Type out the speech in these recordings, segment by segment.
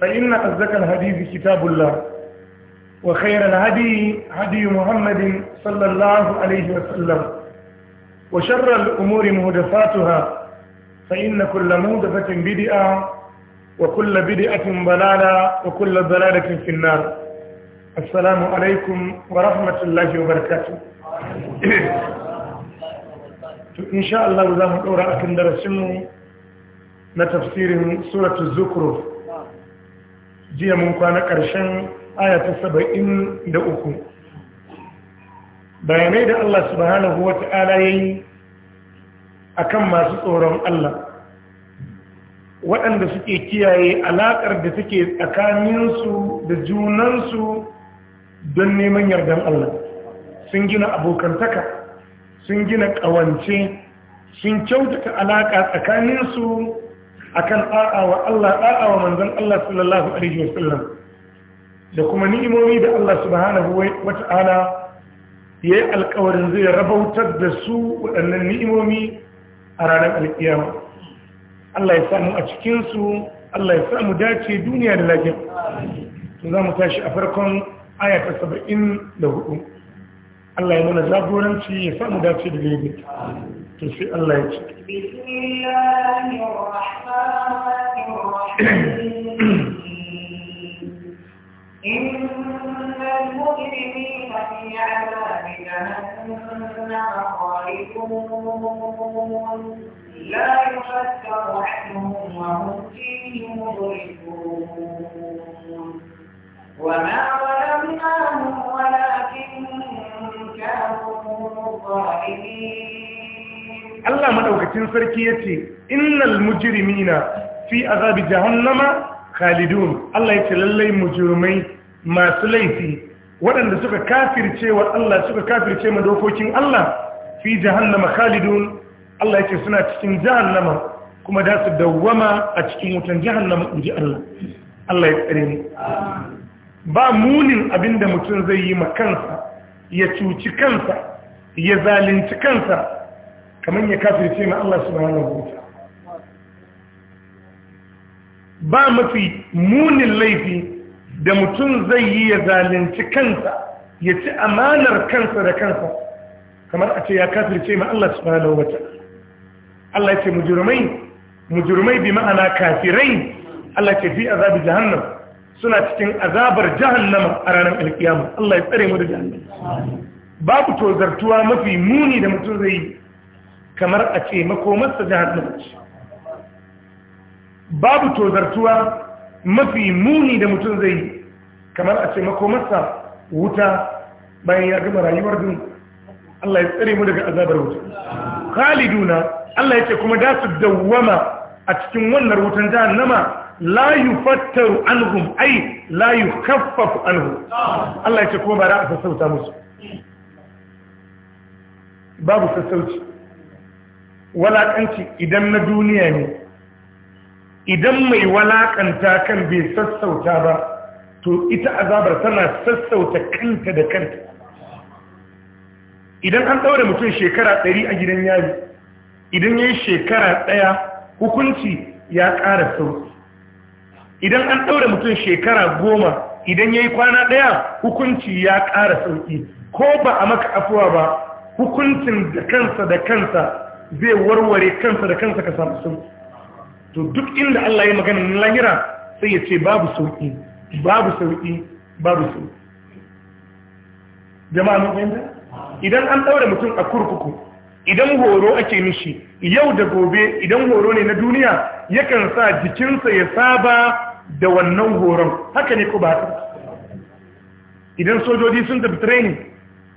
فإن أصدق الحديث كتاب الله وخير الهدي هدي محمد صلى الله عليه وسلم وشر الأمور مهدفاتها فإن كل مهدفة بدئة وكل بدئة ضلالة وكل ضلالة في النار السلام عليكم ورحمة الله وبركاته إن شاء الله وزاهم أورا أكندر akan نتفسير سورة tafsirin jiya mun kwana ƙarshen ayata saba'in da uku bayanai da Allah subhanahu wa ta'ala ya yi a kan masu tsoron Allah waɗanda suke kiyaye alaƙar da suke tsakaninsu da junansu don neman yardan Allah sun gina abokantaka sun gina ƙawance sun kyautata alaƙa tsakaninsu akan a'a wa Allah a'a wa manzon Allah sallallahu alaihi wasallam da kuma ni'imomi da Allah subhanahu wata'ala ya yi alkawarin zai rabautar da su waɗannan ni'imomi a ranar alkiyama Allah ya samu a cikinsu Allah ya samu dace duniya da lafiya za mu tashi a farkon ayata saba'in da hudu Allah ya mana jagoranci ya samu dace da الله to sai Allah ya ce المجرمين في خالدون لا يفتر عنهم وهم فيه مضربون وما ظلمناهم ولكن Allah madaukakin sarki yace innal mujrimina fi azabi jahannama khalidun Allah yace lallai mujrimai masu laifi waɗanda suka kafirce wa Allah suka kafirce ma dokokin Allah fi jahannama khalidun Allah yace suna cikin jahannama kuma da su dawwama a cikin wutan jahannama inji Allah Allah ya tsare ni ba munin abinda mutum zai yi ma kansa ya cuci kansa ya zalunci kansa kamar ya kafirce ma Allah subhanahu wa ta'ala ba mafi munin laifi da mutum zai yi ya zalunci kansa ya ci amanar kansa da kansa kamar a ce ya kafirce ma Allah subhanahu wa ta'ala Allah ce mujrimai mujrimai bi ma'ana kafirai Allah ya ce fi azabi jahannam suna cikin azabar jahannama a ranar alkiyama Allah ya tsare mu da jahannama babu tozartuwa mafi muni da mutum zai yi kamar a ce makomarsa jahannama ce babu tozartuwa mafi muni da mutum zai yi kamar a ce makomarsa wuta bayan ya gama rayuwar duniya Allah ya tsare mu daga azabar wuta khaliduna Allah ya ce kuma da su dawwama a cikin wannan wutan jahannama la fattaru anhum ai la yukaffafu anhum Allah ya ce kuma ba za a sassauta musu babu sassauci walakanci idan na duniya ne idan mai walakanta kan bai sassauta ba to ita azabar tana sassauta kanta da kanta idan an daure mutum shekara ɗari a gidan yari idan yayi shekara ɗaya hukunci ya ƙara sauki idan an ɗaure mutum shekara goma idan ya yi kwana ɗaya hukunci ya ƙara sauƙi ko ba a maka afuwa ba hukuncin da kansa da kansa zai warware kansa da kansa ka samu sauƙi to duk inda Allah ya maganin lahira sai ya ce babu sauƙi babu sauƙi babu sauƙi jama'a mun fahimta idan an ɗaure mutum a kurkuku idan horo ake mishi yau da gobe idan horo ne na duniya yakan sa jikinsa ya saba da wannan horon haka ne ko ba haka idan sojoji sun tafi training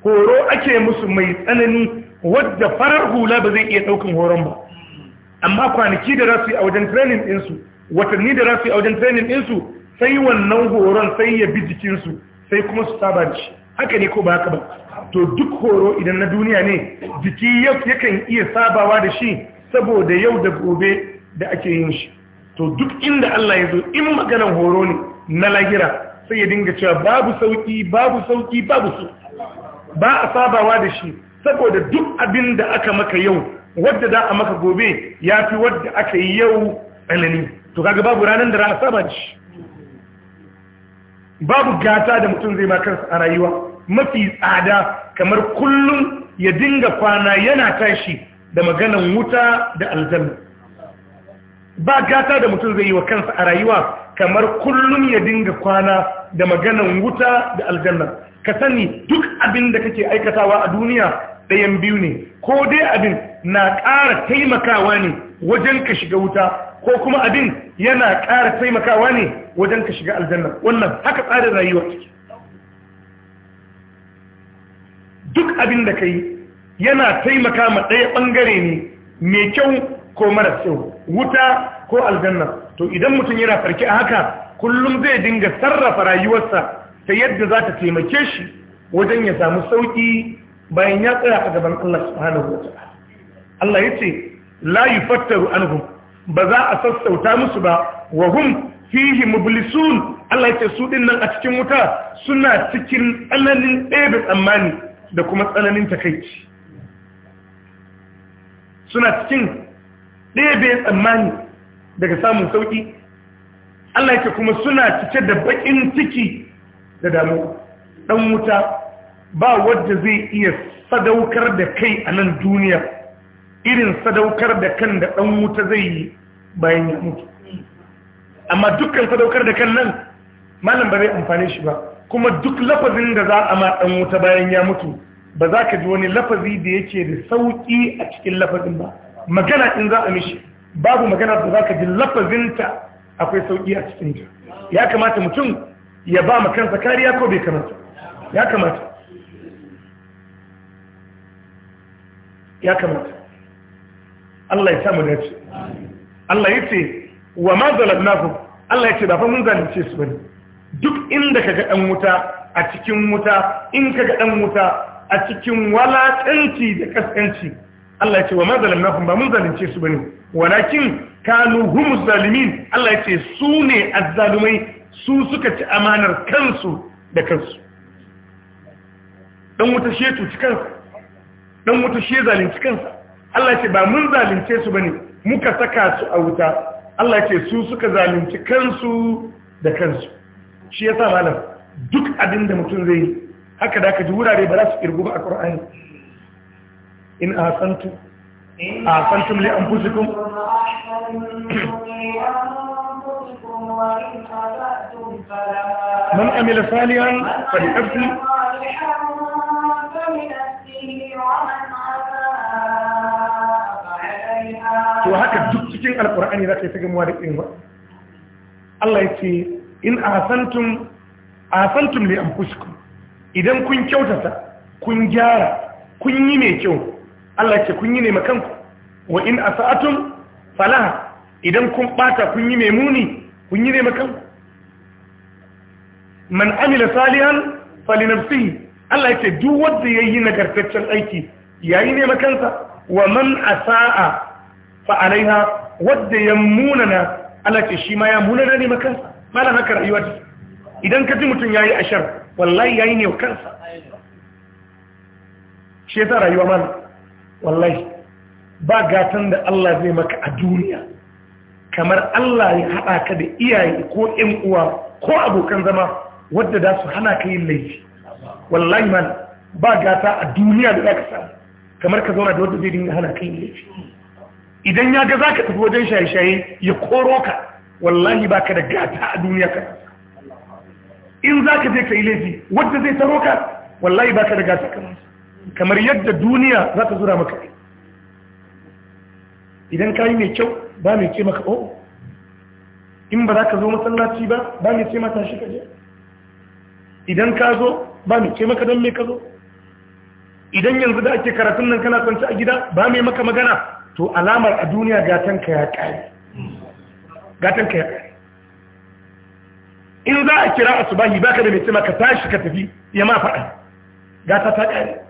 horo ake musu mai tsanani wadda farar hula ba zai iya ɗaukan horon ba amma kwanaki da rasu a wajen training ɗinsu watanni da rasu a wajen training ɗinsu sai wannan horon sai ya bi jikinsu sai kuma su saba da shi haka ne ko ba haka ba to duk horo idan na duniya ne jiki yakan iya sabawa da shi saboda yau da gobe da ake yin shi to duk inda Allah ya zo in maganar horo ne na lahira sai ya dinga cewa babu sauki babu sauki babu su ba a sabawa da shi saboda duk abin da aka maka yau wadda za a maka gobe ya fi wadda aka yi yau tsanani to kaga babu ranar da ra'a saba shi babu gata da mutum zai makarsa a rayuwa mafi tsada kamar kullum ya dinga kwana yana tashi da maganan wuta da aljanna ba gata da mutum zai yi wa kansa a rayuwa kamar kullum ya dinga kwana da maganan wuta da aljanna ka sani duk abin da kake aikatawa a duniya ɗayan biyu ne ko dai abin na ƙara taimakawa ne wajen ka shiga wuta ko kuma abin yana ƙara taimakawa ne wajen ka shiga aljanna wannan haka tsarin rayuwa ciki duk abin da ka yi yana taimaka ma ɗaya ɓangare ne mai kyau ko mara kyau wuta ko aljanna to idan mutum yana farki a haka kullum zai dinga sarrafa rayuwarsa ta yadda za ta taimake shi wajen ya samu sauki bayan ya tsaya a gaban Allah subhanahu wa Allah ya ce, la yufattaru anhum ba za a sassauta musu ba wa hum fihi mublisun Allah ce su din a cikin wuta suna cikin tsananin ɗebe tsammani da kuma tsananin takaici suna cikin ɗaya bai tsammani daga samun sauƙi Allah yake kuma suna cike da baƙin ciki da damu ɗan wuta ba wadda zai iya sadaukar da kai a nan duniya irin sadaukar da kan da ɗan wuta zai yi bayan ya mutu amma dukkan sadaukar da kan nan malam ba zai amfani shi ba kuma duk lafazin da za a ma ɗan wuta bayan ya mutu ba za ka ji wani lafazi da yake da sauƙi a cikin lafazin ba magana in za a mishi babu magana da za ka ji lafazinta akwai sauƙi a cikin ta ya kamata mutum ya ba ma kansa kariya ko bai kamata ya kamata ya kamata Allah ya samu dace Allah ya ce wa ma zalalnahu Allah ya ce ba fa mun zalunce su bane duk inda kaga dan wuta a cikin wuta in kaga dan wuta a cikin walakanci da kaskanci Allah ya ce wa mazalamnahum ba mun zalunce su bane walakin kanu humus zalimin Allah ya ce su ne azzalumai su suka ci amanar kansu da kansu dan wuta shi tuci kansa dan wuta shi zalunci kansa Allah ya ce ba mun zalunce su bane muka saka su a wuta Allah ya ce su suka zalunci kansu da kansu shi yasa malam duk abin da mutum zai yi haka da aka ji wurare ba za su kirgu ba a Qur'ani in ahsantu ahsantum li anfusikum من عمل صالحا فلنفسه to haka duk cikin Alƙur'ani za ka yi ta gamuwa da ba? Allah ya ce in asantum asantum li anfusikum idan kun kyautata kun gyara kun yi mai kyau Allah ce kun yi ne makanku wa in asa'atum falaha idan kun bata kun yi muni kun yi ne makanku man amila salihan falinafsihi Allah ya ce duk wanda yayi nagartaccen aiki yayi ne makansa wa man asa'a fa alaiha wanda ya munana Allah ce shi ma ya munana ne makansa malan haka rayuwa ce. idan ka ji mutum yayi ashar wallahi yayi ne kansa shi yasa rayuwa malam wallahi ba gatan da Allah zai maka a duniya kamar Allah ya haɗa ka da iyaye ko ƴan uwa ko abokan zama wadda da su hana ka yin laifi wallahi man ba gata a duniya da ka samu kamar ka zauna da wadda zai dinga hana ka yin laifi idan ya ga za ka tafi wajen shaye-shaye ya koro ka wallahi ba ka da gata a duniya ka in za ka je ka yi laifi wadda zai taro ka wallahi ba ka da gata kamar kamar yadda duniya za ta zura maka idan ka yi mai kyau ba mai ce maka o oh, in ba za ka zo masallaci ba ba mai ce mata shi kaje idan ka zo ba mai ce maka don mai ka zo idan yanzu da ake karatun nan kana kwanci a gida ba mai maka magana to alamar a duniya gatanka ya kare gatanka ya kare in za a kira asubahi baka da mai ce maka tashi ka tafi ya ma faɗa gata ta kare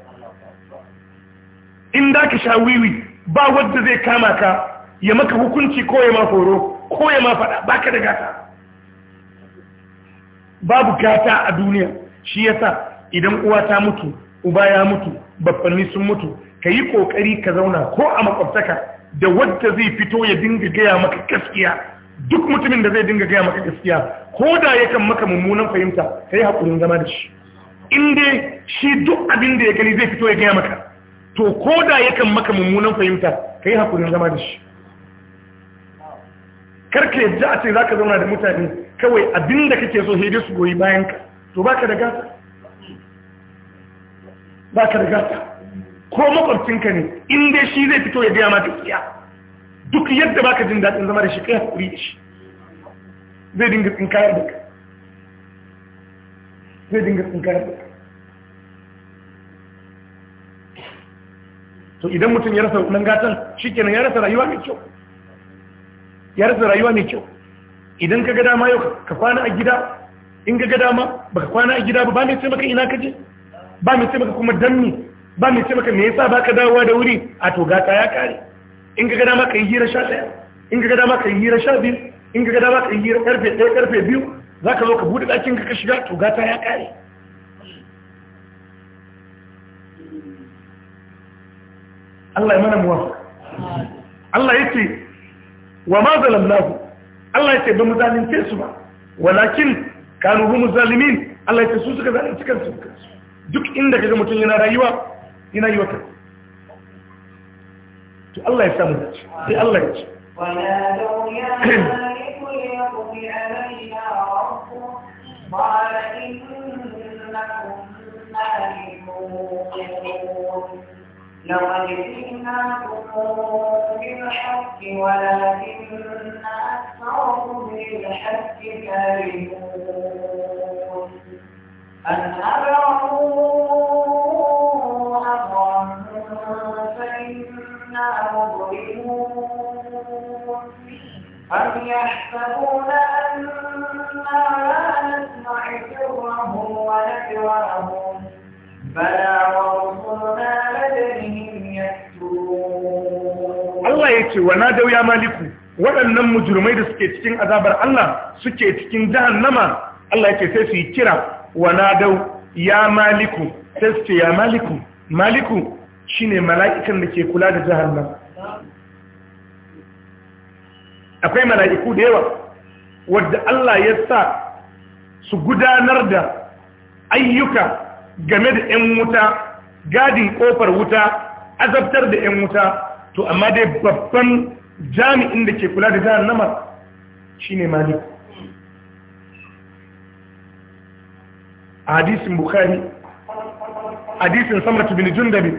in da ka sha wiwi ba wadda zai kama ka ya maka hukunci ko ya ma horo ko ya ma faɗa ba ka da gata babu gata a duniya shi yasa idan uwa ta mutu uba ya mutu babbanni sun mutu ka yi ƙoƙari ka zauna ko a makwabtaka da wadda zai fito ya dinga gaya maka gaskiya duk mutumin da zai dinga gaya maka gaskiya ko da ya kan maka mummunan fahimta ka yi haƙurin zama da shi in shi duk abin da ya gani zai fito ya gaya maka to ko da yakan maka mummunan fahimta ka yi haƙurin zama da shi karka yadda a ce za ka zauna da mutane kawai abin da kake so hede su goyi bayan ka to ba ka da gata ba ka da gata ko makwabcinka ne inda shi zai fito ya gaya mata gaskiya duk yadda ba ka jin daɗin zama da shi kai haƙuri da shi zai dinga tsinkayar da ka zai dinga tsinkayar da ka to idan mutum ya rasa nan gatan shikenan ya rasa rayuwa mai kyau ya rasa rayuwa mai kyau idan ka ga dama yau ka kwana a gida in ga ba ka kwana a gida ba ba mai ce maka ina kaje ba mai ce maka kuma danni ba mai ce maka me yasa ba ka dawowa da wuri a to gata ya kare in ga ma ka yi hira sha ɗaya in ga ma ka yi hira sha biyu in ga ma ka yi hira karfe ɗaya karfe biyu za ka zo ka buɗe ɗakin ka ka shiga to gata ya kare Allah ya mana muwafa Allah ya ce wa ma zalamnahu Allah ya ce ba mu zalunce su ba walakin kanu hum zalimin Allah ya ce su suka zalunci kansu duk inda kaga mutum yana rayuwa yana yi wata to Allah ya samu dace sai Allah ya ce ونادوا يا مالك ليقض علينا ربك قال إنكم مالكون لو جئناكم بالحق ولكن أكثركم للحق كارهون أن أبرموا أمرا فإنا مظلمون أم يحسبون أنا لا نسمع سرهم ونجوهم بلى ورسلنا Allah ya ce wa nadau ya maliku waɗannan mujurmai da suke cikin azabar Allah suke cikin jahannama Allah ya ce sai su yi kira wa nadau ya maliku sai su ce ya maliku maliku shine mala'ikan da ke kula da jahannama akwai mala'iku da yawa wadda Allah ya sa su gudanar da ayyuka game da ‘yan wuta gadin ƙofar wuta azabtar da ‘yan wuta to amma dai babban jami'in da ke kula da jahannama shine malik hadisin bukhari hadisin samrat bin jundabi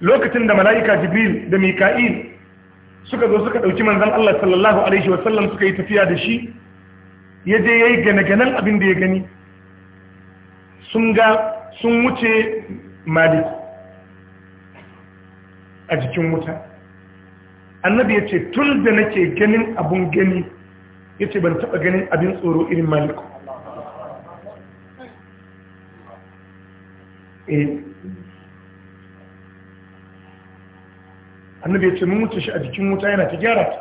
lokacin da mala'ika jibril da mika'il suka zo suka dauki manzon Allah sallallahu alaihi wasallam suka yi tafiya da shi ya je yayi gane-ganen abin da ya gani sun ga sun wuce malik a jikin wuta annabi ya ce tun da nake ganin abun gani ya ce ban taɓa ganin abin tsoro irin maliku eh. annabi ya ce mun wuce shi a jikin wuta yana ta gyara ta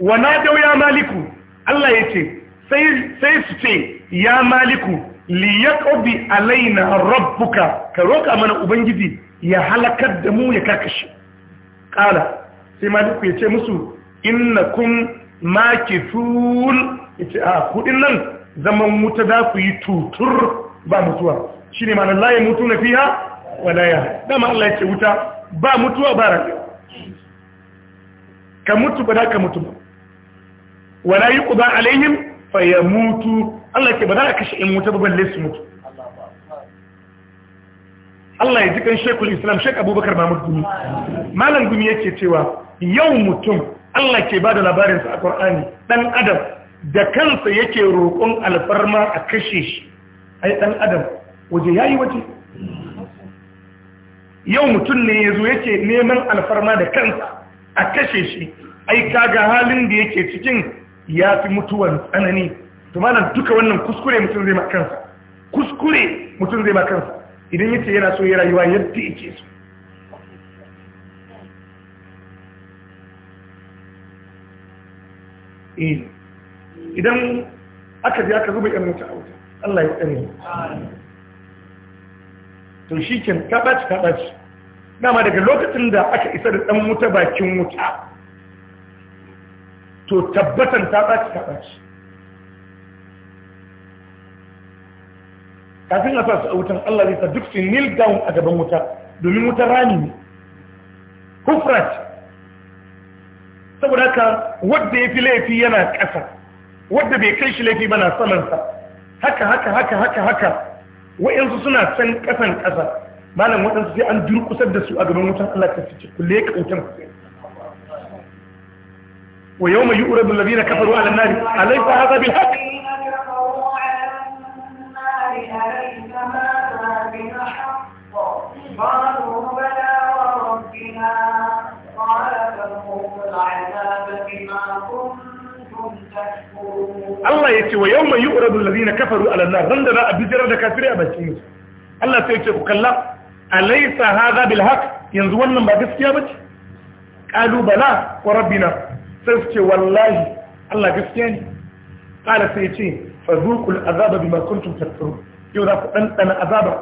wana dauya maliku Allah ya ce sai su ce ya maliku li yaqbi alaina rabbuka ka roƙa mana ubangiji ya halakar da mu ya kakashi. Ƙala sai maliku ya ce musu tun ya ce a kudin nan zaman wuta za ku yi tutur ba mutuwa shi ne la laye mutu na fiya wala dama Allah ya ce wuta ba mutuwa ba rayuwa ka mutu ba da ka mutu ba wala yi ba alaihim Faya mutu Allah ke ba za a kashe in mutu babban lesu mutu Allah ya ji kan shekul islam shek abubakar mahmud gumi malam gumi yake cewa yau mutum Allah ke ba da labarinsa a ƙwar'ani ɗan adam da kansa yake roƙon alfarma a kashe shi ai ɗan adam waje ya yi waje yau mutum ne ya zo yake neman alfarma da kansa a kashe shi ai kaga halin da yake cikin ya fi mutuwan tsanani to malam duka wannan kuskure mutum zai makansa kuskure mutum zai makansa idan yace yana so ya rayuwa yadda yake so eh, idan aka ji aka zuba yan mutu a wuta Allah ya tsare to shi ken ta ɓaci ta ɓaci dama daga lokacin da aka isa da ɗan wuta bakin wuta to tabbatan ta ɓaci ta ɓaci kafin a sa su wutan Allah zai sa duk su kneel down a gaban wuta domin wuta rani ne kufrat saboda haka wadda ya fi laifi yana ƙasa wadda bai kai shi laifi bana samansa haka haka haka haka haka wa'yansu suna can ƙasan ƙasa malam waɗansu sai an durƙusar da su a gaban wutan Allah ta fice kulle ka wutan ku ويوم يؤرد الذين كفروا على النار أليس هذا بالحق قالوا بلى وربنا قال العذاب بما كنتم الله يتي ويوم يؤرد الذين كفروا على النار رندنا أبجر دكاتري أبجيني الله سيتي وكلا أليس هذا بالحق ينزو من بعد gaskiya قالوا بلا وربنا sai suke wallahi Allah gaskiya ne kala sai ce fazukul azaba bima kuntum tattarun yau za ku dandana azaba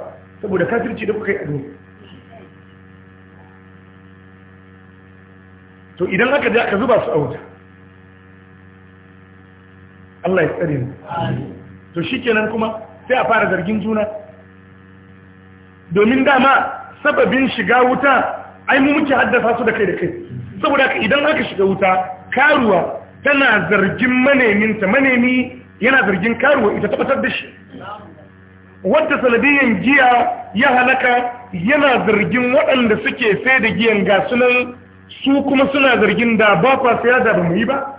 saboda kafirci da kuka yi a duniya to idan aka je aka zuba su a wuta Allah ya tsare mu to shikenan kuma sai a fara zargin juna domin dama sababin shiga wuta ai mu muke haddasa su da kai da kai saboda idan aka shiga wuta karuwa tana zargin maneminta manemi yana zargin karuwa ita tabbatar da shi wadda sanadiyan giya ya halaka yana zargin waɗanda suke sai da giyan gasunan su kuma suna zargin da ba kwa saya da ba mu yi ba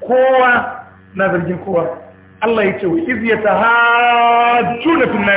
kowa na zargin kowa Allah ya ce wa izi ya hajju na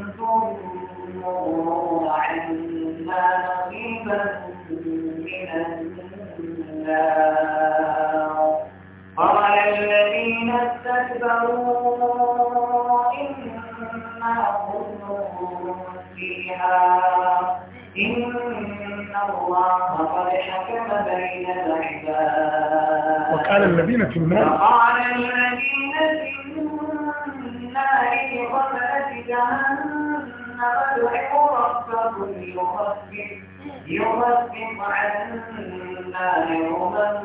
الذين في النار الذين في النار جهنم ادعوا ربكم يخفف يخفف عنا يوما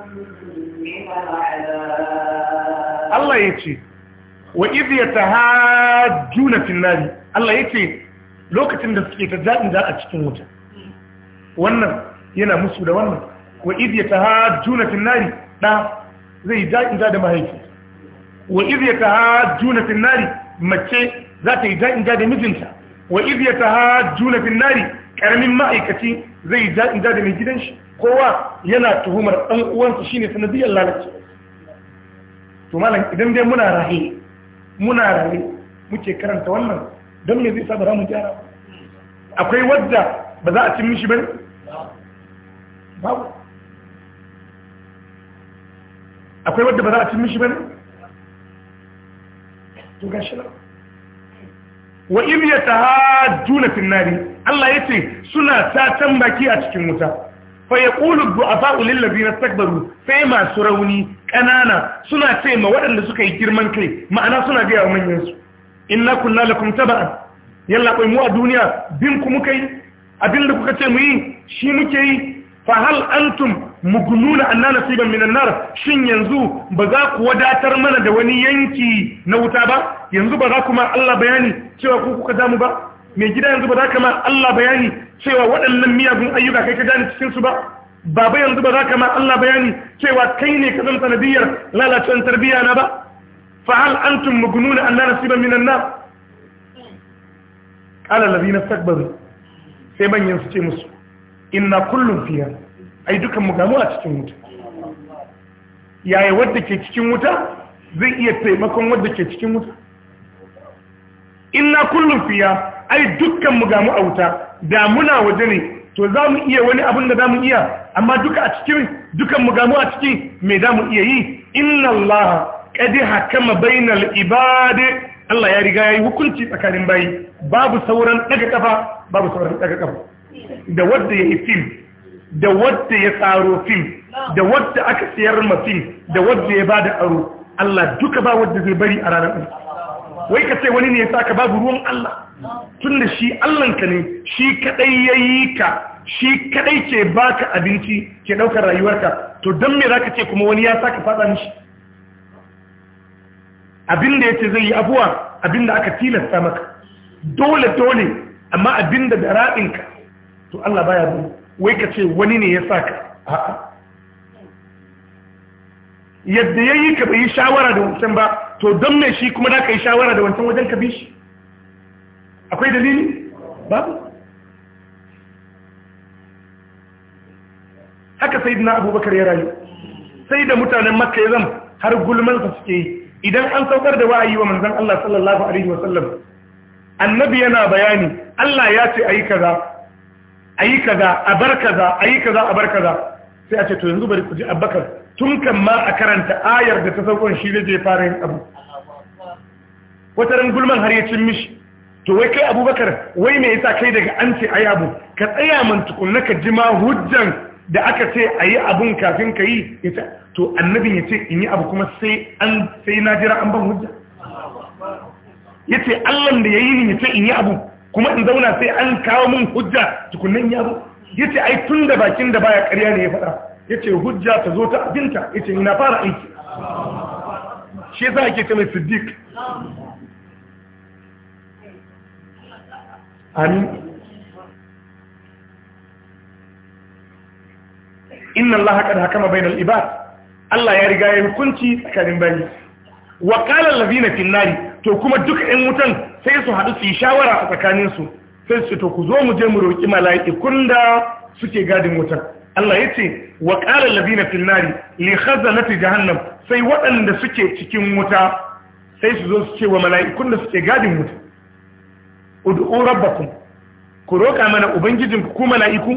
الله يجي وإذ يتهاجون في النار الله يجي lokacin da suke ta ذاك za a وانا wuta مسودة وانا وإذ يتهاجون في النار idiya نعم. zai ja da mahaifi wa iz yatahajjuna mace za ta yi ja da mijinta wa iz yatahajjuna fin nari karamin ma'aikaci zai yi in da mai gidan shi kowa yana tuhumar ɗan uwansa shine sanadiyar lalace to malam idan dai muna rahe muna rahe muke karanta wannan don me zai sa ba za mu gyara akwai wadda ba za a cin mishi bane akwai wadda ba za a cin mishi ba ne? to gashi na wa in ya tahajjuna fin nari Allah suna satan baki a cikin wuta fa yaqulu du'afa'u lil na takbaru sai masu rauni ƙanana suna ce ma waɗanda suka yi girman kai ma'ana suna ga manyansu su inna kunna lakum tab'a yalla kai mu a duniya bin ku muka yi abin da kuka ce mu yi shi muke yi fa hal antum mugununa na nasiban minan nar shin yanzu ba za ku wadatar mana da wani yanki na wuta ba yanzu ba za kuma Allah bayani cewa ku kuka damu ba mai gida yanzu ba za ka ma Allah bayani cewa waɗannan miyagun ayyuka kai ka gane cikin su ba baba yanzu ba za ka ma Allah bayani cewa kai ne ka zama sanadiyar lalacewar tarbiyya na ba fa hal antum mugununa na nasiban minan nar qala allazina istakbaru sai manyan su ce musu inna kullun fiha ai dukan mu gamu a cikin wuta yaya wadda ke cikin wuta zai iya taimakon wadda ke cikin wuta inna kullum fiya ai dukkan mu gamu a wuta da muna waje ne to za mu iya wani abin da za mu iya amma duka a cikin dukan mu gamu a ciki me za mu iya yi inna allaha kadi hakama bainal ibad Allah ya riga yayi hukunci tsakanin bayi babu sauran daga kafa babu sauran daga kafa da wanda yayi film da wadda ya tsaro fim da wadda aka siyar ma fim da wadda ya bada aro Allah duka ba wadda zai bari a ranar ɗin wai ka ce wani ne ya saka babu ruwan Allah tun da shi Allahnka ne shi kadai ya yi ka shi kadai ce baka abinci ke ɗaukar rayuwarka to don me za ka ce kuma wani ya saka faɗa mishi abin da ya ce zai yi abuwa abin da aka tilasta maka dole dole amma abin da da ra'inka to Allah baya bin wai ka ce wani ne ya sa ka a'a yadda ya yi ka bai yi shawara da wancan ba to don mai shi kuma da ka yi shawara da wancan wajen ka bi shi akwai dalili babu haka sai na abubakar ya rayu sai da mutanen makka ya zama har gulmansa suke yi idan an saukar da wa'ayi wa manzan Allah sallallahu alaihi wasallam annabi yana bayani Allah ya ce a yi kaza ayi kaza a bar kaza ayi kaza a bar kaza sai a ce to yanzu bari ku ji abbakar tun kan ma a karanta ayar da ta saukon shi ne zai fara yin abu wata ran gulman har ya cin mishi to wai kai abubakar wai me yasa kai daga an ce ayi abu ka tsaya man tukunna ka ji ma hujjan da aka ce ayi abun kafin ka yi to annabin ya ce in yi abu kuma sai an sai na jira an ban hujja yace allan da ya yi ni ya ce in yi abu kuma in zauna sai an kawo min hujja tukunnan ya zo yace ai tun da bakin da baya ƙarya ne ya faɗa yace hujja ta zo ta abinta yace ina fara aiki shi yasa ake ce mai siddiq amin inna allaha qad hakama bainal ibad Allah ya riga ya hukunci tsakanin bani wa qala allazina fin nari to kuma duk ɗan wutan sai su haɗu su yi shawara a tsakaninsu sai su to ku zo mu je mu roƙi mala'ikun da suke gadin wutar Allah ya ce wa ƙalar labina filnari li khazanati jahannam sai waɗanda suke cikin wuta sai su zo su ce wa mala'ikun da suke gadin wuta ud'u rabbakum ku roƙa mana ubangijin ku mala'iku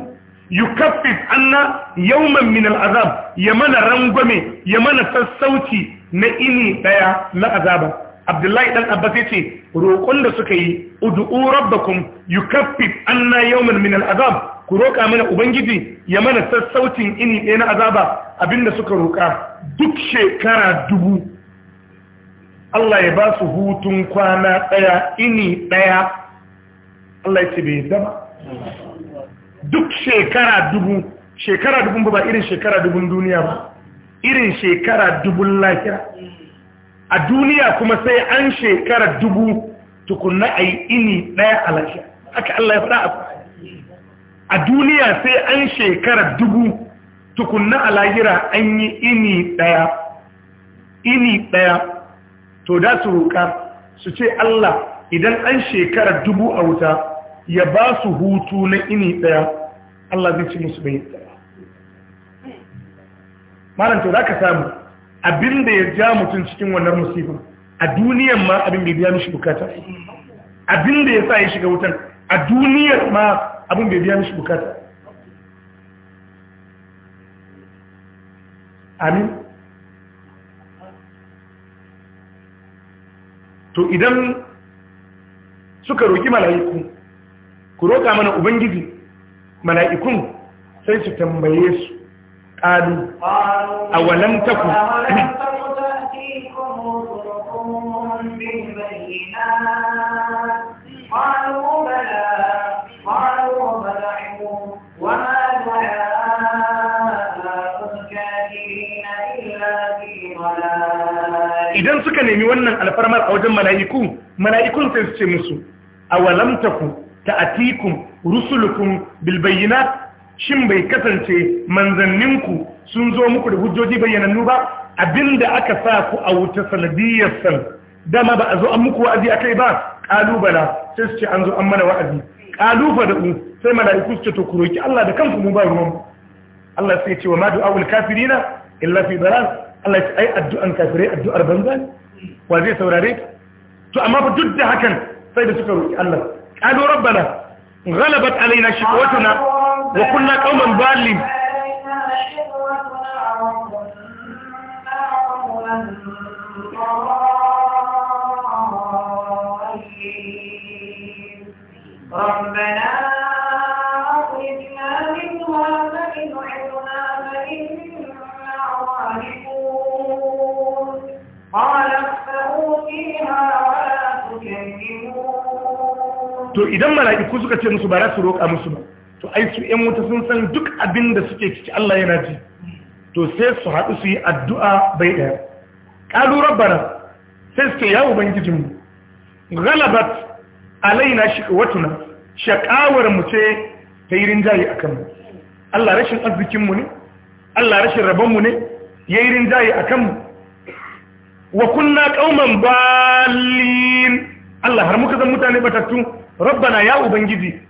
yukaffif anna yawman min al'azab ya mana rangwame ya mana sassauci na ini daya na azaba abdullahi dan abbas ce, roƙon da suka yi udu'u rabbakum yukaffif anna yawman min al'azab ku roƙa mana ubangiji ya mana sassaucin ini ɗaya na azaba abinda suka roƙa duk shekara dubu Allah ya ba su hutun kwana ɗaya ini ɗaya Allah ya ce bai yadda ba duk shekara dubu shekara dubun ba irin shekara dubun duniya ba irin shekara dubun lahira a duniya kuma sai an shekara dubu tukunna a yi ini ɗaya a lafiya Allah ya faɗa a a duniya sai an shekara dubu tukunna a lahira an yi ini ɗaya ini ɗaya to da su roƙa su ce Allah idan an shekara dubu a wuta ya ba su hutu na ini ɗaya Allah zai ci musu bai ɗaya malam to za ka samu abin da ya ja mutum cikin wannan musibin a duniyan ma abin bai biya mishi bukata abin da ya sa ya shiga wutan a duniyar ma abin bai biya mishi bukata amin to idan suka roƙi mala'iku ku roƙa mana ubangiji mala'ikun sai su tambaye su قالوا أولم تكن تأتيكم رسلكم بالبينات قالوا بلى قالوا فدعوا وما دعاء الكافرين إلا في ضلال إذا suka nemi wannan alfarmar a wajen mala'iku mala'ikun sai su ce musu awalam taku ta'atikum rusulukum bil bayyinat shin bai kasance manzanninku sun zo muku da hujjoji bayyanannu ba abinda aka sa ku a wuta sanadiyar san dama ba a zo an muku wa'azi akai ba kalubala sai su ce an zo an mana wa'azi kalufa da ku sai mala'iku su ce to ku roki Allah da kanku mu ba ruwan Allah sai ce wa ma du'aul kafirina illa fi dalal Allah ya ai addu'an kafirai addu'ar banza wa zai saurare to amma fa duk da hakan sai da suka roki Allah qalu rabbana غلبت علينا شقوتنا وكنا قوما بالين ربنا أخرجنا منها فإن عدنا فإنا ظالمون قال فيها ولا تكلمون to idan mala'iku suka ce musu ba za su roƙa musu ba ai su ƴan wuta sun san duk abin da suke ciki Allah yana ji to sai su haɗu su yi addu'a bai ɗaya ƙalu rabbana sai suke ya mu. galabat alaina watuna shaƙawar mu ce ta yi rinjaye a kanmu Allah rashin arzikinmu ne Allah rashin rabonmu ne ya yi rinjaye a kanmu wa kunna ƙauman balin Allah har muka zan mutane batattu rabbana ya ubangiji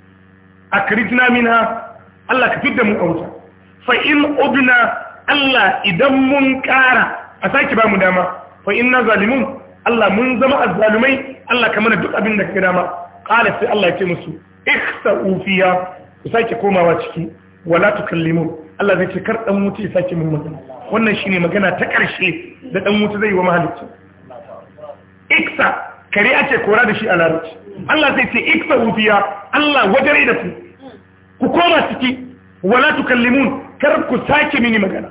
akrijna minha Allah ka fidda mu a wuta fa in ubna Allah idan mun kara a saki ba mu dama fa inna zalimun Allah mun zama azzalumai Allah ka mana duk abin da ka dama qala sai Allah ya ce musu ikhsa'u fiya ku sake komawa ciki wala tukallimun Allah zai ce kar dan mutu ya sake mun magana wannan shine magana ta karshe da dan wuta zai yi wa mahalicci iksa kare ake kora da shi a larabci Allah zai ce iksa fiya. Allah wajare da su ku koma ciki wala tukallimun kar ku sake mini magana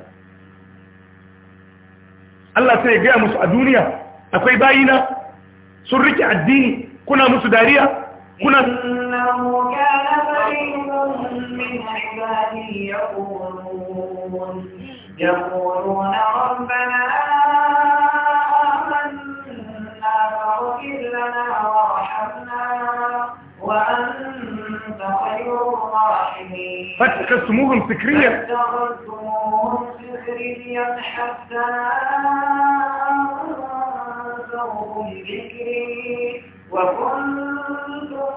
Allah sai ya gaya musu a duniya akwai bayina sun rike addini kuna musu dariya kuna يقولون ربنا فاتخذتموهم سكريا فاتخذتموهم سكريا حتى أنذركم ذكري وكنتم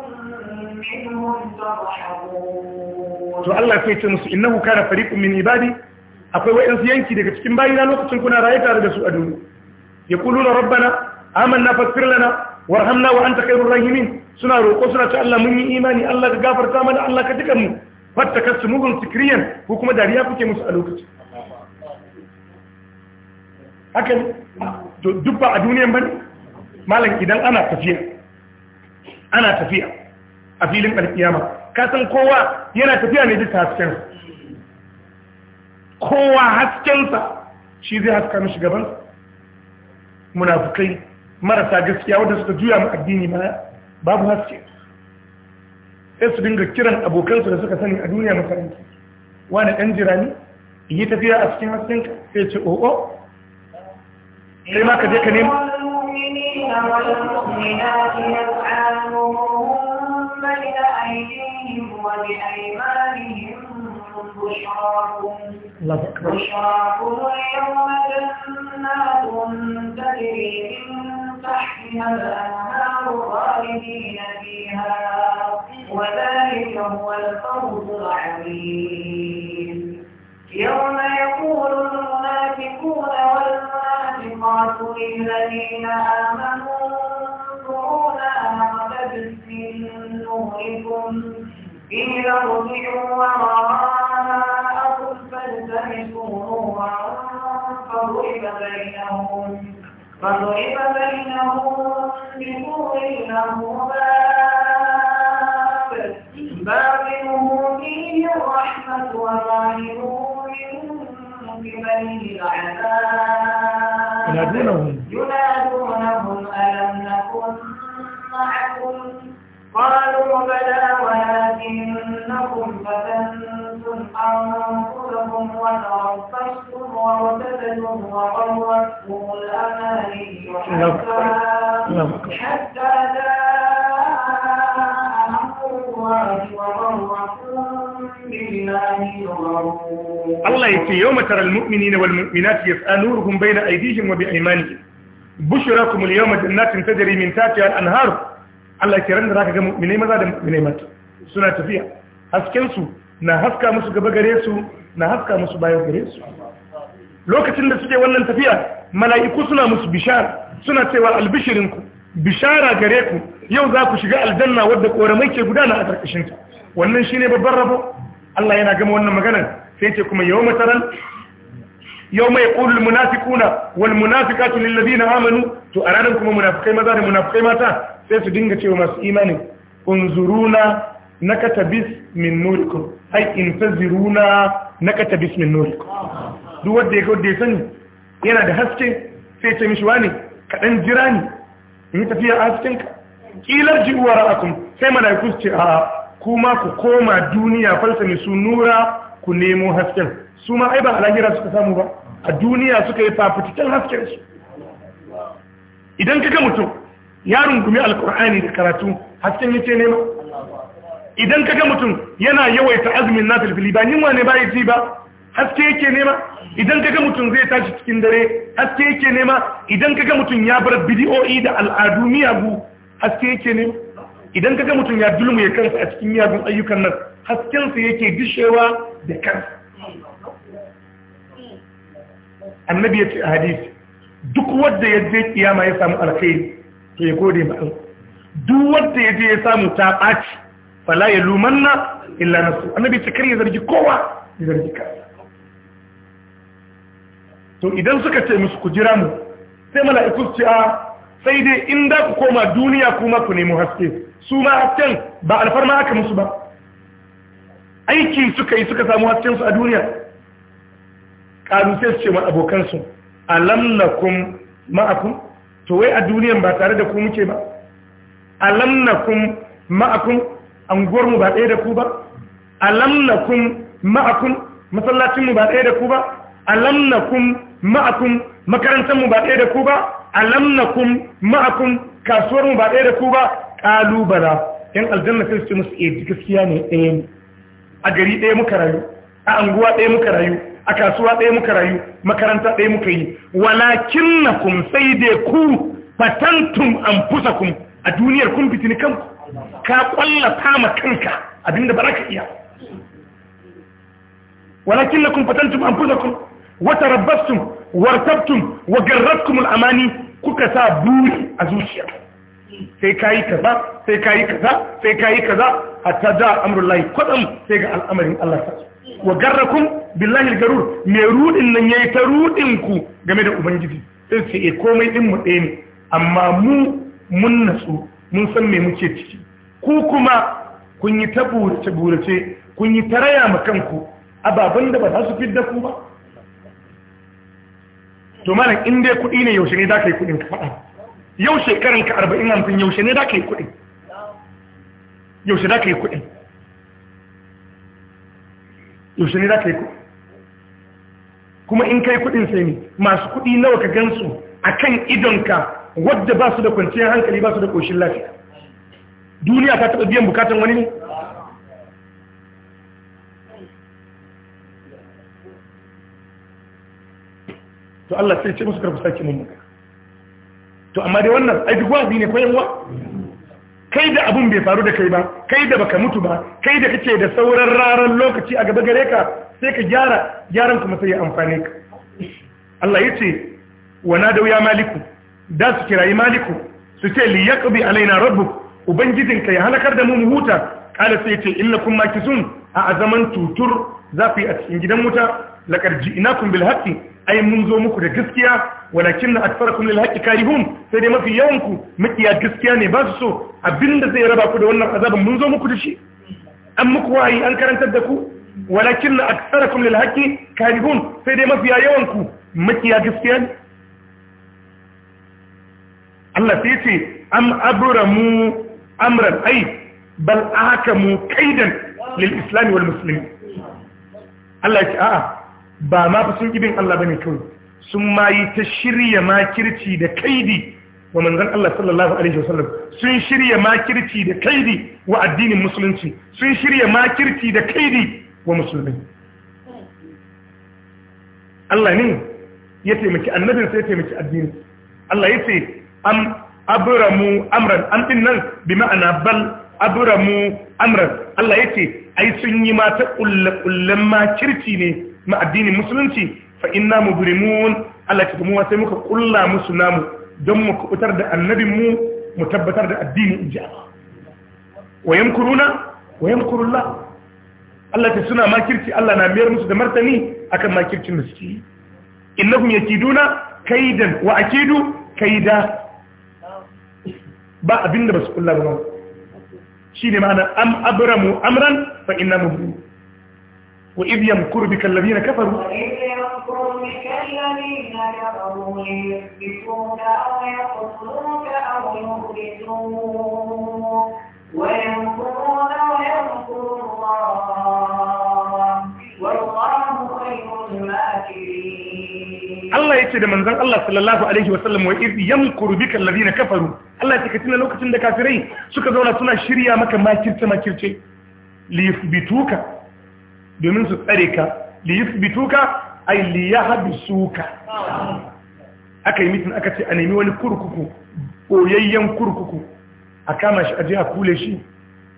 منهم تضحكون تو الله يفيت مس إنه كان فريق من عبادي akwai waɗansu yanki daga cikin bayina lokacin kuna raye tare da su a duniya ya kulu na rabbana amanna fasfir lana warhamna wa anta khairur rahimin suna roƙo suna ce Allah mun yi imani Allah ka gafarta mana Allah ka tuka mu fatta kasu mugun sikiriyan ko kuma dariya kuke musu a lokaci haka duk ba a duniyan ba ne malam idan ana tafiya ana tafiya a filin alkiyama kasan kowa yana tafiya ne bisa hasken kowa haskensa shi zai haska mishi gaban munafukai marasa gaskiya wadda suka juya mu addini ma babu haske sai su dinga kiran abokansu da suka sani a duniya makaranta wani ɗan jira ne yi tafiya a cikin hasken sai ce o'o sai ma ka je ka nema بشراكم اليوم جنات تجري من تحتها الأنهار خالدين فيها وذلك هو الفوز العظيم يوم يقول المنافقون والمنافقات للذين آمنوا انظرونا نقتبس من نوركم قيل ارجعوا وراءكم فالتمسوا نورا فضرب بينهم فضرب ينادونهم ينادونهم ألم نكن معكم قالوا بلى ولكنكم فتنتم أنفسكم وتربصتم وارتبتم وغرتكم الأماني حتى يوم ترى المؤمنين والمؤمنات يسعى نورهم بين أيديهم وبأيمانهم بشراكم اليوم جنات تجري من تحتها الأنهار Allah ya kiran da zaka ga mu'minai maza da mu'minai mata suna tafiya hasken su na haska musu gaba gare su na haska musu bayan gare su lokacin da suke wannan tafiya mala'iku suna musu bishara suna cewa albishirin ku bishara gare ku yau za ku shiga aljanna wadda koramai ke gudana a karkashin Wannan shi ne babban rabo Allah yana gama wannan maganar sai ce kuma yau mataran yau mai ƙulul munafikuna wal munafikatu na amanu to a ranar kuma munafikai maza da munafikai mata sai su dinga cewa masu imanin unzuruna na katabis min nurikum ai in taziruna na katabis min nurikum duk wadda ya kawai da ya sani yana da haske sai ce mishi wani kaɗan jira ni in tafiya a haskenka ƙilar ji'uwa ra'akun sai mala'ikus ce a kuma ku koma duniya falsa mai su nura ku nemo hasken su ma ai ba alagira suka samu ba a duniya suka yi fafutukan hasken su idan kaka mutum ya rungumi alkur'ani da karatu hasken ce nema idan kaga mutum yana yawaita azumin nafilfili ba yunwa ne ba ya ba haske yake nema idan kaga mutum zai tashi cikin dare haske yake nema idan kaga mutum ya bar bidiyo'i da al'adu miyagu haske yake nema idan kaga mutum ya ya kansa a cikin yagun ayyukan nan hasken haskensa yake dishewa da kansa annabi ya ce a hadisi duk wadda ya je kiyama ya samu alkhairi to ya gode ma duk wadda ya je ya samu ta ɓaci fala ya lumanna illa nasu annabi ce kar zargi kowa ya zargi kansa to idan suka ce musu ku jira mu sai mala'iku su ce a sai dai in ku koma duniya kuma ku nemi haske su ma hasken ba alfarma aka musu ba aiki suka yi suka samu haskensu a duniya ƙalusai sai su ce ma abokansu alam na kun ma'akun to wai a duniyan ba tare da ku muke ba alam na kun ma'akun anguwarmu ba ɗaya da ku ba alam na kun ma'akun masallacinmu ba ɗaya da ku ba alam na kun ma'akun makarantarmu ba ɗaya da ku ba alam na kun ma'akun kasuwarmu ba ɗaya da ku ba kalubara yan aljanna sai su musu eh gaskiya ne ɗaya ne a gari ɗaya muka rayu a anguwa ɗaya muka rayu a kasuwa ɗaya muka rayu makaranta ɗaya muka yi walakin na kun sai dai ku fatantum an fusa kun a duniyar kun fitini kanku ka kwallata ma kanka abinda ba ka iya walakin na kun fatantum an fusa kun wata rabbastum wartabtum wa garratkum al'amani kuka sa buri a zuciya sai ka yi kaza sai ka yi kaza sai ka yi kaza hatta da amrullahi kwadam sai ga al'amarin Allah ta wa garrakum billahi al-garur me rudin nan yayi ta rudin ku game da ubangiji sai ce eh, komai din mu ɗaya ne amma mu mun natsu mun san me muke ciki ku kuma kun yi ta burace kun yi ta raya ma kanku ababen da ba za su fidda ku ba to malam in dai kuɗi ne yaushe ne za ka yi kuɗin ka faɗa yau shekaran ka arba'in hamsin yaushe ne da ka yi kuɗin yaushe da ka yi kuɗin yaushe ne da ka yi kudi kuma in ka yi kuɗin sai ne masu kuɗi nawa ka gansu a kan idonka wadda ba su da kwanciyar hankali ba su da ƙoshin lafiya duniya ta taɓa biyan bukatan wani ne to Allah sai ce musu karfi sake mummuka to amma dai wannan ai duk wazi ne koyan wa kai da abun bai faru da kai ba kai da baka mutu ba kai da kake da sauran raran lokaci a gaba gare ka sai ka gyara gyaran kuma sai ya amfane ka Allah yace wa nadau ya maliku da su kirayi maliku su ce li yaqbi alaina rabbuk ubangijinka ya halakar da mu mu huta kala sai yace illakum makisun a azaman tutur zafi a cikin gidan wuta laqad ji'nakum bil haqqi ai mun zo muku da gaskiya walakin aktharukum lil haqqi karihun sai dai mafi yawanku makiya gaskiya ne ba su so abinda zai raba ku da wannan azabin mun zo muku da shi an muku wayi an karantar da ku walakin aktharukum lil haqqi karihun sai dai mafi yawanku makiya gaskiya ne Allah sai ce am mu amran ai bal ahkamu qaidan lil islam wal muslimin Allah ya ce a'a ba ma fi sun ibin Allah bane kawai sun ma yi ta shirya makirci da kaidi wa manzon Allah sallallahu alaihi wasallam sun shirya makirci da kaidi wa addinin musulunci sun shirya makirci da kaidi wa musulmi Allah ne ya taimaki annabin sai ya taimaki addini Allah ya ce am abramu amran an din nan bi ma'ana bal abramu amran Allah ya ce ai sun yi mata kullu kullun makirci ne na addinin musulunci fa inna mubrimun Allah ya mu sai muka kulla musu namu don mu kubutar da annabin mu mu tabbatar da addini inji Allah wa yamkuruna wa yamkuru Allah Allah ta suna makirci Allah na miyar musu da martani akan makircin da suke yi innahum yakiduna kaidan wa akidu kaida ba abinda basu kulla ba shi ne ma'ana am abramu amran fa inna mubrimun وإذ يمكر بك الذين كفروا Allah ya ce da manzan Allah sallallahu Alaihi wasallam wa izi yamkuru bika na kafaru Allah ya cikin lokacin da kafirai suka zauna suna shirya maka makirce makirce liyu bituka domin su tsare ka li yusbituka ay li aka yi mitin aka ce a nemi wani kurkuku ɓoyayyen kurkuku a kama shi a a kule shi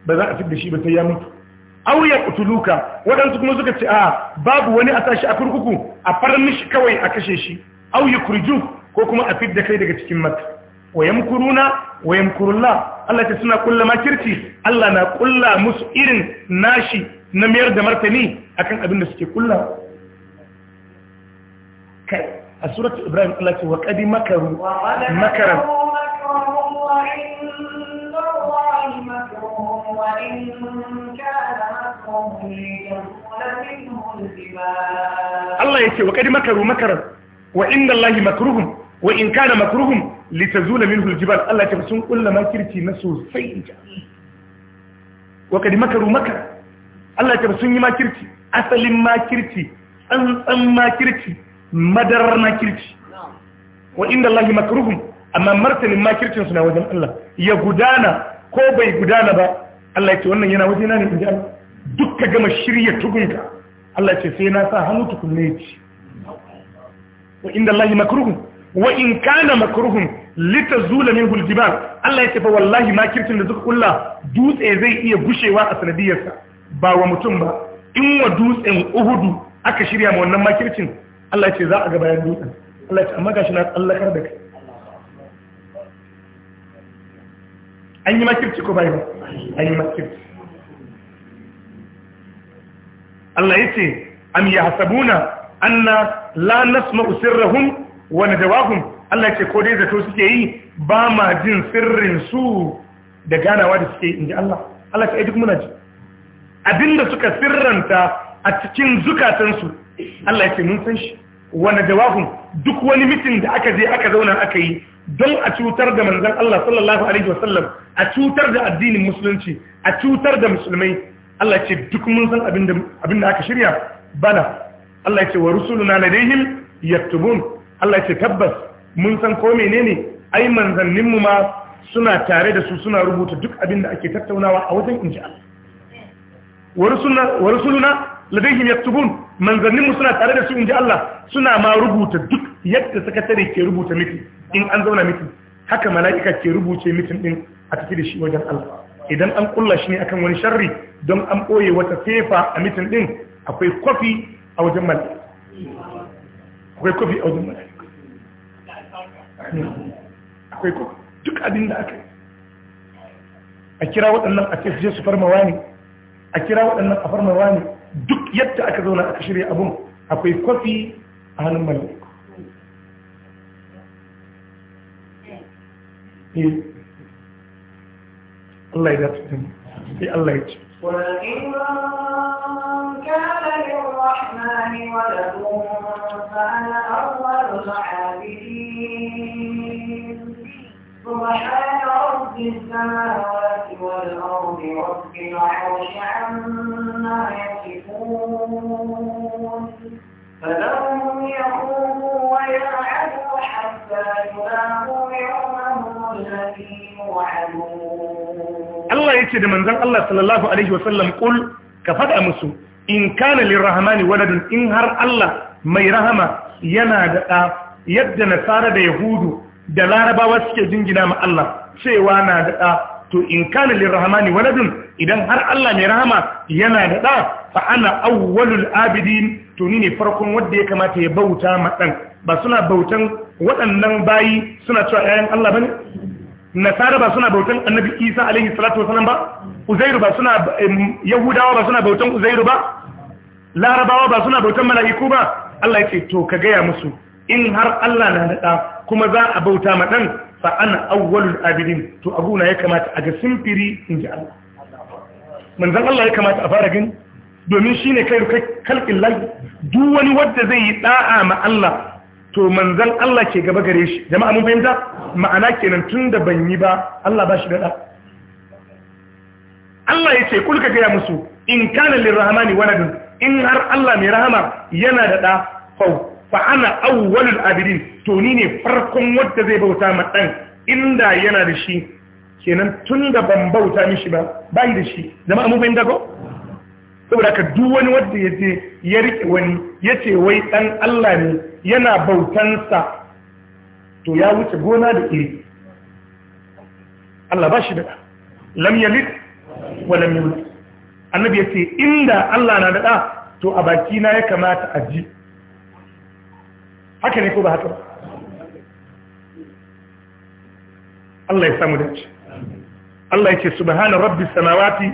ba za a fi da shi ba sai ya mutu auya kutuluka waɗansu kuma suka ce a babu wani a sashi a kurkuku a farin shi kawai a kashe shi auya kurju ko kuma a fidda kai daga cikin mata wayan kuruna wayan kurulla Allah ta suna kulla makirci Allah na kulla musu irin nashi na mayar da martani akan abin da suke kulla kai a surat ibrahim Allah ce wa qadi makaru makaran Allah ya ce wa qadi makaru makaran wa inda Allah makruhum wa in kana makruhum litazula minhu aljibal Allah ya ce sun kulla makirci na sosai wa qadi makaru makaran Allah ya sun yi makirci asalin makirci tsantsan makirci madarar makirci wa inda Allah makruhum amma martanin makircin suna wajen Allah ya gudana ko bai gudana ba Allah ya ce wannan yana wajena ne inji Dukka gama shirya tugunka Allah ya ce sai na sa hannu tukunne ci wa inda Allah makruhum wa in kana makruhum litazula minhu aljibal Allah ya ce fa wallahi makircin da suka kulla dutse zai iya gushewa a sanadiyarsa ba wa mutum ba in wa dutsen uhudu aka shirya ma wannan makircin Allah ce za a ga bayan dutsen Allah ce amma ga shi na tsallakar da kai an yi makirci ko bai ba an yi makirci Allah ya ce am an anna la nasma'u sirrahum wa najawahum Allah ce ko dai zato suke yi ba ma jin sirrin su da ganawa da suke yi inji Allah Allah ce ai duk muna ji abinda suka sirranta a cikin zukatansu Allah yake ce mun san shi wani jawabin duk wani mitin da aka je aka zauna aka yi don a cutar da manzan Allah sallallahu alaihi wasallam a cutar da addinin musulunci a cutar da musulmai Allah yake duk mun san abin da aka shirya bala Allah yake ce wa rusuluna ladaihim yaktubun Allah yake tabbas mun san ko menene ai manzanninmu ma suna tare da su suna rubuta duk abinda ake tattaunawa a wajen inji Allah wa rusuluna ladaihim yaktubun manzanninmu suna tare da su inji Allah suna ma rubuta duk yadda sakatare ke rubuta miki in an zauna miki haka mala'ika ke rubuce mitin din a tafi da shi wajen Allah idan an kulla shi ne akan wani sharri don an boye wata sefa a mitin din akwai kofi a wajen mala'ika akwai kofi a wajen mala'ika akwai kofi duk abin da aka yi a kira waɗannan a ce su farma wani. a kira waɗannan a farmar wani duk yadda aka zauna aka shirya abun akwai kwafi a hannun mala'iku الله يدفعني في الله يجي وإن كان للرحمن ولد فأنا أول العابدين سبحان رب السماوات والأرض رب العرش عما يصفون فذرهم يخوضوا ويلعبوا حتى يلاقوا يومهم الذي يوعدون الله يتشهد من ذن الله صلى الله عليه وسلم قل كفد أمسو in kana lirrahmani waladun in har Allah mai rahama yana da ɗa yadda nasara da yahudu da larabawa suke jingina ma Allah cewa na daɗa to in kana lirrahmani waladun idan har Allah mai rahama yana daɗa ɗa fa ana awwalul abidin to ni ne farkon wanda ya kamata ya bauta maɗan ba suna bautan waɗannan bayi suna cewa 'ya'yan Allah ba ne? nasara ba suna bautan annabi Isa alaihi salatu wasallam ba uzairu ba suna yahudawa ba suna bautan uzairu ba larabawa ba suna bautan mala'iku ba Allah ya ce to ka gaya musu in har Allah na daɗa. kuma za a bauta ma ɗan fa ana awwalul abidin to abuna ya kamata a ga simfiri in ji Allah manzon Allah ya kamata a fara gani domin shi ne kai kalkin lal? duk wani wadda zai yi da'a ma Allah to manzon Allah ke gaba gare shi jama'a mun fahimta ma'ana kenan tunda ban yi ba Allah ba shi da da'a Allah ya ce kulka gaya musu in kana lirrahmani waladun in har Allah mai rahama yana da da fau fa ana awwalul abidin to ni ne farkon wanda zai bauta ma dan inda yana da shi kenan tunda ban bauta mishi ba bai da shi zama mu bayin dago saboda ka duk wani wanda ce ya rike wani yace wai dan Allah ne yana bautansa to ya wuce gona da iri Allah ba shi da lam yalid wa lam yulad annabi yace inda Allah na da to a baki na ya kamata a ji haka ne ko ba haka Allah ya samu dace Allah ya ce subhana rabbis samawati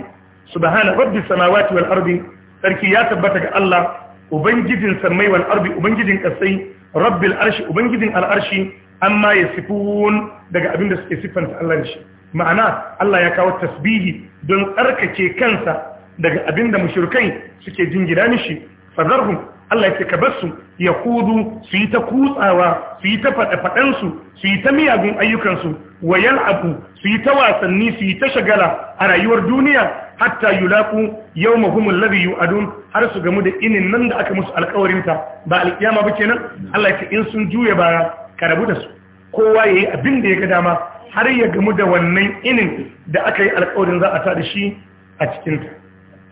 subhana rabbis samawati wal ardi sarki ya tabbata ga Allah ubangijin samai wal ardi ubangijin kasai rabbil arshi ubangijin al arshi amma yasifun daga abinda suke sifanta Allah shi ma'ana Allah ya kawo tasbihi don tsarkake kansa daga abinda mushrikai suke jingina mishi fadarhum Allah ya ce ka bar su ya kudu su yi ta kutsawa su yi ta faɗe-faɗensu su yi ta miyagun ayyukansu wa yal'abu su yi ta wasanni su yi ta shagala a rayuwar duniya hatta yulaku yau mahumul ladhi yu'adun har su gamu da inin nan da aka musu alkawarinta ba alƙiyama ba kenan Allah ya in sun juya baya ka rabu da su kowa yayi abin da ya ga dama har ya gamu da wannan inin da aka yi alƙawarin za a ta da shi a cikinta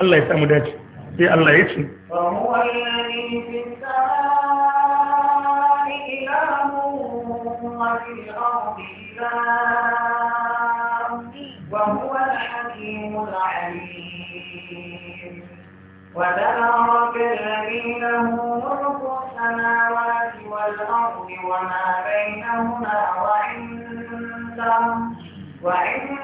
Allah ya samu dace sai Allah ya ce وهو الحكيم العليم وتبارك الذي له ملك السماوات والأرض وما بينهما وعنده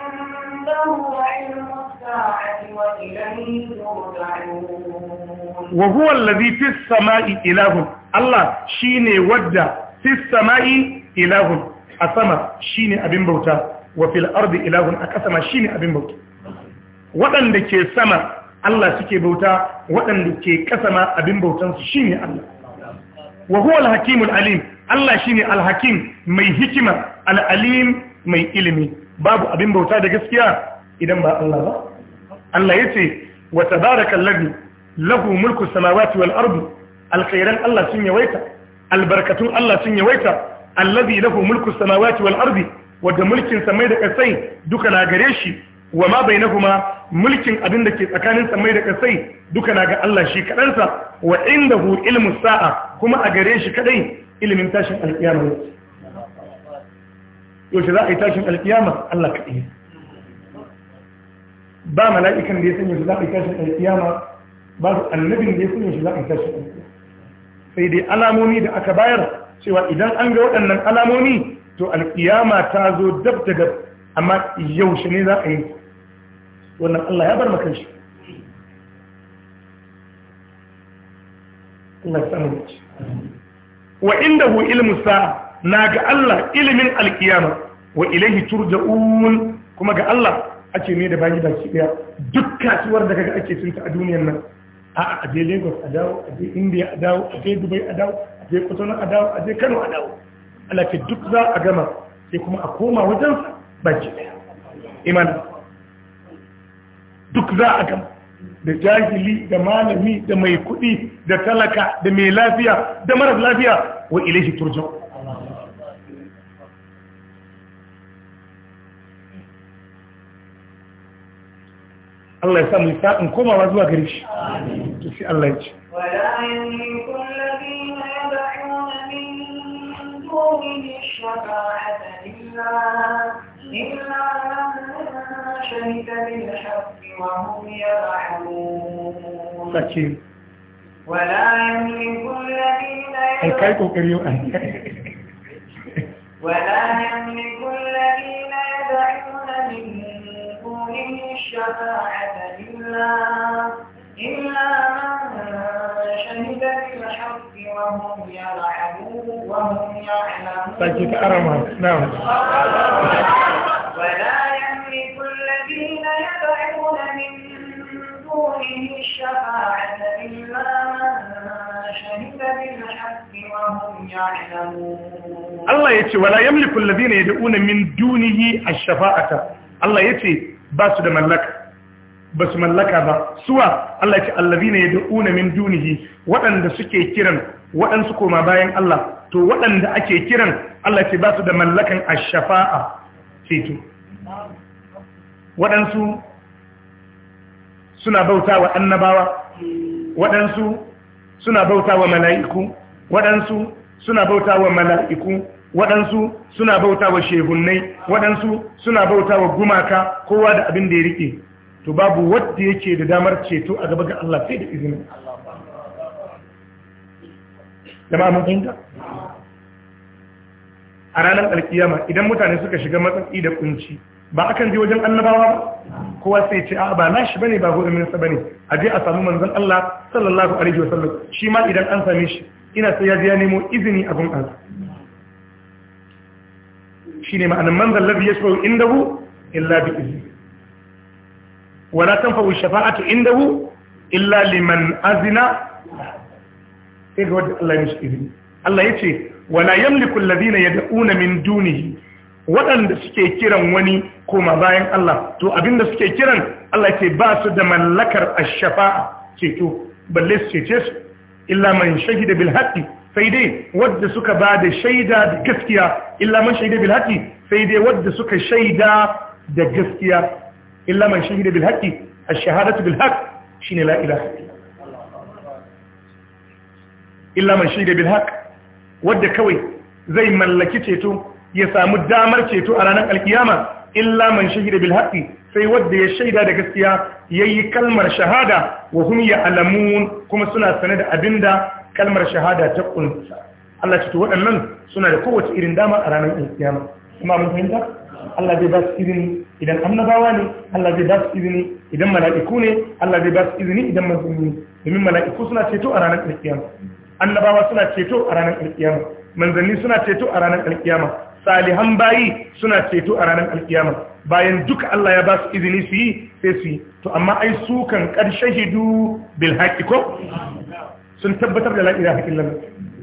وهو الذي في السماء إله الله شيني ودى في السماء إله a sama shi ne abin bauta wa fil ardi ilahun a ƙasa shi ne abin bauta waɗanda ke sama Allah suke bauta waɗanda ke ƙasa abin bautansu shi ne Allah wa huwa al alim Allah shi ne hakim mai hikima al mai ilimi babu abin bauta da gaskiya idan ba Allah ba Allah ya yace wa tabarakallazi lahu mulku samawati wal ardi alkhairan Allah sun yawaita albarkatun Allah sun yawaita allazi lahu mulku samawati wal ardi wadda mulkin samai da kasai duka na gare shi wa ma bainahuma mulkin abin da ke tsakanin samai da kasai duka na ga Allah shi kadansa wa indahu ilmu sa'a kuma a gare shi kadai ilimin tashin alkiyama yaushe za a yi tashin alkiyama Allah kadai ba mala'ikan da ya sanya shi za a yi tashin alkiyama ba annabin da ya sanya shi za a yi tashin alkiyama sai dai alamomi da aka bayar cewa idan an ga waɗannan alamomi to alƙiyama ta zo dab da dab amma yaushe ne za a yi wannan Allah ya bar maka shi Allah ya samu dace wa indahu ilmu sa'a na ga Allah ilimin alƙiyama wa ilaihi turja'un kuma ga Allah ake ne da baki baki daya duk kasuwar da kaga ake sun a duniyar nan a a je Lagos a dawo a je India a dawo a je Dubai a dawo a je kwatano a dawo a je kano a dawo Allah ce duk za a gama sai kuma a koma wajen baki ɗaya imanin duk za a gama da jahili da malami da mai kuɗi da talaka da mai lafiya da marar lafiya wa ilaihi turja'u Allah ya samu sa'in komawa zuwa gari shi to sai Allah ya ce wala قوله الشفاعة إلا إلا من شهد بالحق وهم يرحمون ولا يملك الذين ولا يملك الذين يدعون من دونه الشفاعة إلا إلا من شهد بالحق وهم يعلمون طيب أرمى نعم ولا يملك الذين يدعون من دونه الشفاعة إلا مَنْ شهد بالحق وهم يعلمون الله يتي ولا يملك الذين يدعون من دونه الشفاعة الله يتي باسد ملك ba su mallaka ba suwa Allah ce allazina yad'una min dunihi waɗanda suke kiran waɗansu koma bayan Allah to waɗanda ake kiran Allah ce ba su da mallakan ash-shafa'a ceto waɗansu suna bauta wa annabawa waɗansu suna bauta wa mala'iku waɗansu suna bauta wa mala'iku waɗansu suna bauta wa shehunnai waɗansu suna bauta wa gumaka kowa da abin da ya riƙe to babu wadda yake da damar ceto a gaba ga Allah sai da izinin jama'a mun fahimta a ranar alkiyama idan mutane suka shiga matsatsi da kunci ba akan je wajen annabawa ba kowa sai ce a ba nashi bane ba gudumin sa bane a je a samu manzon Allah sallallahu alaihi wasallam shi ma idan an same shi ina sai ya je ya nemo izini a gun Allah shine ma'anar manzon ladhi yashfa'u indahu illa bi izni wala tanfa'u shafa'atu indahu illa liman azina sai ga wadda Allah ya mishi izini Allah ya ce wala yamliku alladhina yad'una min dunihi waɗanda suke kiran wani koma bayan Allah to abinda suke kiran Allah ce ba su da mallakar ash-shafa'a ceto balle su cece su man shahida bil haqqi sai dai suka ba da shaida gaskiya man sai dai wadda suka shaida da gaskiya illa man shahida bil haqqi ash-shahadatu bil haqq shine la ilaha illa man shahida bil haqq wadda kawai zai mallaki ceto ya samu damar ceto a ranar alkiyama illa man shahida bil haqqi sai wadda ya shaida da gaskiya yayi kalmar shahada wa hum ya'lamun kuma suna sane da abinda kalmar shahada ta kunsa Allah ce to waɗannan suna da kowace irin dama a ranar alkiyama kuma mun fahimta Allah zai ba su izini idan annabawa ne Allah zai ba su izini idan mala'iku ne Allah zai ba su izini idan manzanni domin mala'iku suna ceto a ranar alkiyama annabawa suna ceto a ranar alkiyama manzanni suna ceto a ranar alkiyama salihan bayi suna ceto a ranar alkiyama bayan duka Allah ya ba su izini su yi sai su yi to amma ai su kan karshe hidu bil haqiqo sun tabbatar da la ilaha illallah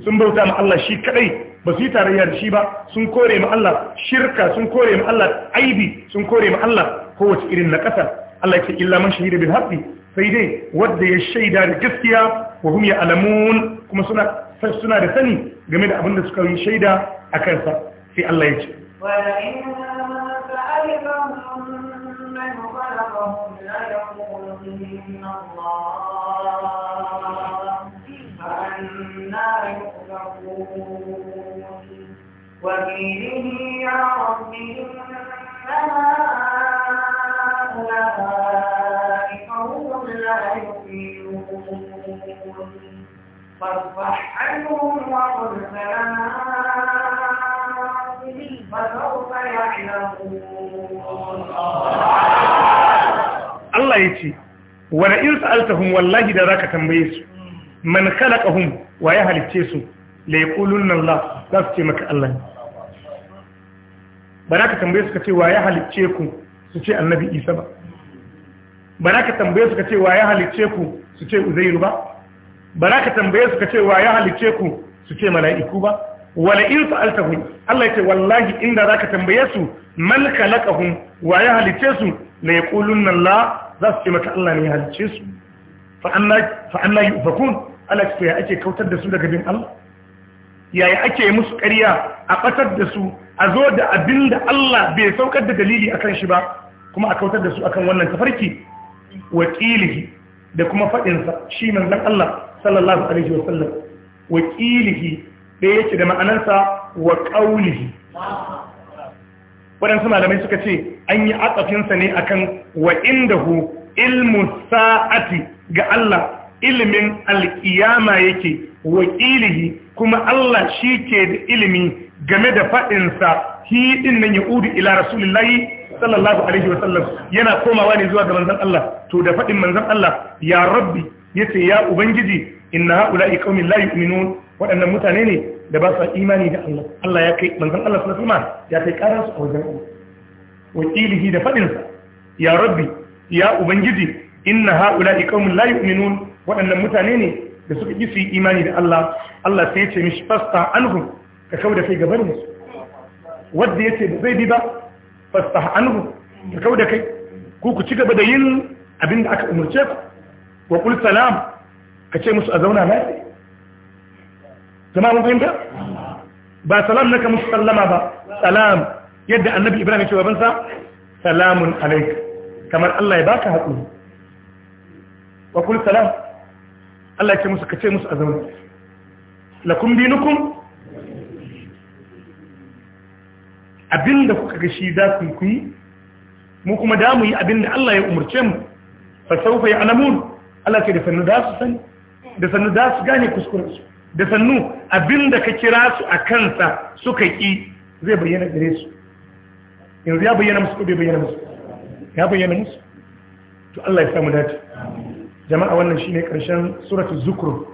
sun bauta ma Allah shi kadai ba su yi tarayya da shi ba sun kore ma Allah shirka sun kore ma Allah aibi sun kore ma Allah kowace irin na ƙasa Allah ya ce illa man shahida bil haqqi sai dai wanda ya shaida da gaskiya wa hum ya'lamun kuma suna suna da sani game da abin da suka yi shaida a kansa sai Allah ya ce wa inna Allah وقيله يا رب إنما أولئك هم لا يؤمنون فاصفح عنهم وقل سلام فسوف يعلمون الله يجي wala in sa'altahum wallahi da zaka tambaye su man khalaqahum wa ya halicce su la yaqulunna Allah za su ce maka Allah ba za ka tambaye su ka ce wa ya halicce ku su ce annabi isa ba ba za ka tambaye su ka ce wa ya halicce ku su ce uzairu ba ba za ka tambaye su ka ce wa ya halicce ku su ce mala'iku ba wala in sa'altahum Allah ya ce wallahi inda za ka tambaye su man khalaqahum wa ya halicce su la yaqulunna la za su ce maka Allah ne ya halicce su fa anna fa anna yufakun Allah ya ake kautar da su daga bin Allah yaya ake musu ƙarya a ɓatar da su a zo da abin da Allah bai saukar da dalili kan shi ba kuma a kautar da su akan wannan tafarki wakilihi da kuma faɗinsa shi zan Allah sallallahu alaihi wasallam wakilihi da yake da ma'anarsa wa qaulihi waɗansu malamai suka ce an yi atsafinsa ne akan wa indahu ilmu sa'ati ga Allah ilimin alƙiyama yake wakilihi kuma Allah shi ke da ilimi game da faɗinsa hi ɗin nan ya udu ila rasulullahi sallallahu alaihi wa sallam yana komawa ne zuwa ga manzan Allah to da faɗin manzan Allah ya rabbi ya ce ya ubangiji inna haula'i qaumin la yu'minun waɗannan mutane ne da ba su imani da Allah Allah ya kai manzan Allah sallallahu alaihi wasallam ya kai karar su a wajen Allah wakilihi da faɗinsa ya rabbi ya ubangiji inna haula'i qaumin la yu'minun waɗannan mutane ne da suka ƙi su yi imani da Allah Allah sai ya ce mishi fasta anhu ka kawo da kai gabar musu wadda ya ce ba zai bi ba fasta anhu ka kawo da kai ku ku ci gaba da yin abin da aka umarce ku wa kul salam ka ce musu a zauna lafiya zama mun fahimta ba salam naka musu sallama ba salam yadda annabi ibrahim ya ce babansa salamun alaik kamar Allah ya baka haƙuri wa kul salam Allah ke ce musu kace musu a zauna lakum dinukum abinda kuka ga shi za ku yi mu kuma da mu yi abinda Allah ya umurce mu fa sawfa ya'lamun Allah ke da sannu da su sani da sannu da su gane kuskuren su da sannu abinda ka kira su a kansa suka ki zai bayyana gare su yanzu ya bayyana musu ko bai bayyana musu ya bayyana musu to Allah ya samu dace jama'a wannan shi ne ƙarshen suratul zukuru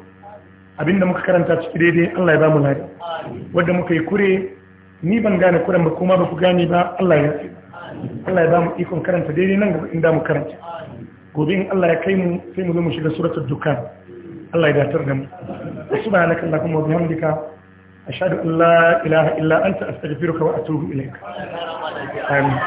abinda muka karanta ciki daidai Allah ya ba mu lari wadda muka yi kure ni ban gane kuren ba kuma ba ku gane ba Allah ya fi Allah ya ba mu ikon karanta daidai nan gaba inda mu karanta gobe in Allah ya kai mu sai mu zo mu shiga suratul dukkan Allah ya datar da mu subhanaka allahumma wa bihamdika ashhadu an la ilaha illa anta astaghfiruka wa atubu ilaika amin